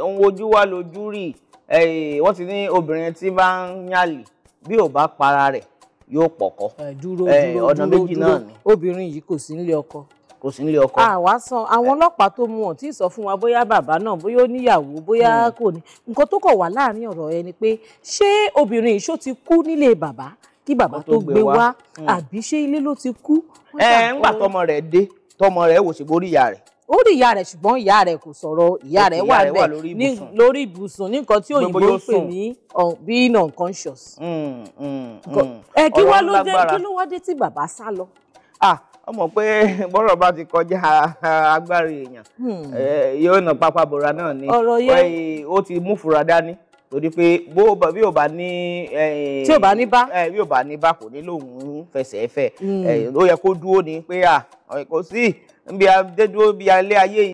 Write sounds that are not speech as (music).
ohun ojú wa lójú rí wọ́n ti ní obìnrin tí bá ń yàlè bí ò bá para rẹ̀ yóò pọ̀kọ́ ọ̀nà méjì náà ni. obìnrin yìí kò sí nílé ọkọ kò sí nílé ọkọ. àwa san àwọn ọlọ́pàá tó mú wọn tí ì sọ fún wa bóyá bàbá náà bóyá ó níyàwó bóyá hmm. kò ní nǹkan tó kọ̀ wá láàrin ọ̀rọ̀ ẹni pé ṣé obìnrin yìí ṣó ti kú nílé bàbá kí bàbá tó gbé wá hmm. àbí ṣé ilé ló ti kú. ẹ ńgbà tọmọ rẹ dé tọmọ rẹ wò sí borí ìyá rẹ ó rí ìyá rẹ̀ ṣùgbọ́n ìyá rẹ̀ kò sọ̀rọ̀ ìyá rẹ̀ wà bẹ̀ lórí ibùsùn ní nǹkan tí òyìnbó ń pè ní um, being unconscious. Mm, mm, mm. ẹ kí wá ló dé kí ló wá dé tí bàbá sá lọ. ọmọ pé (laughs) bọ́rọ̀ bá ti kọjá agbára èèyàn hmm. yóò nà pápá bora náà ni ó ti mú fura dání torí pé bí ò bá ní tí ò bá ní bá bí ò bá ní bá kò ní lóun fẹsẹ̀ fẹ́ hmm. ó yẹ kó dúró ni pé kò sí ń bí adédúró bí alẹ́ ayé yìí.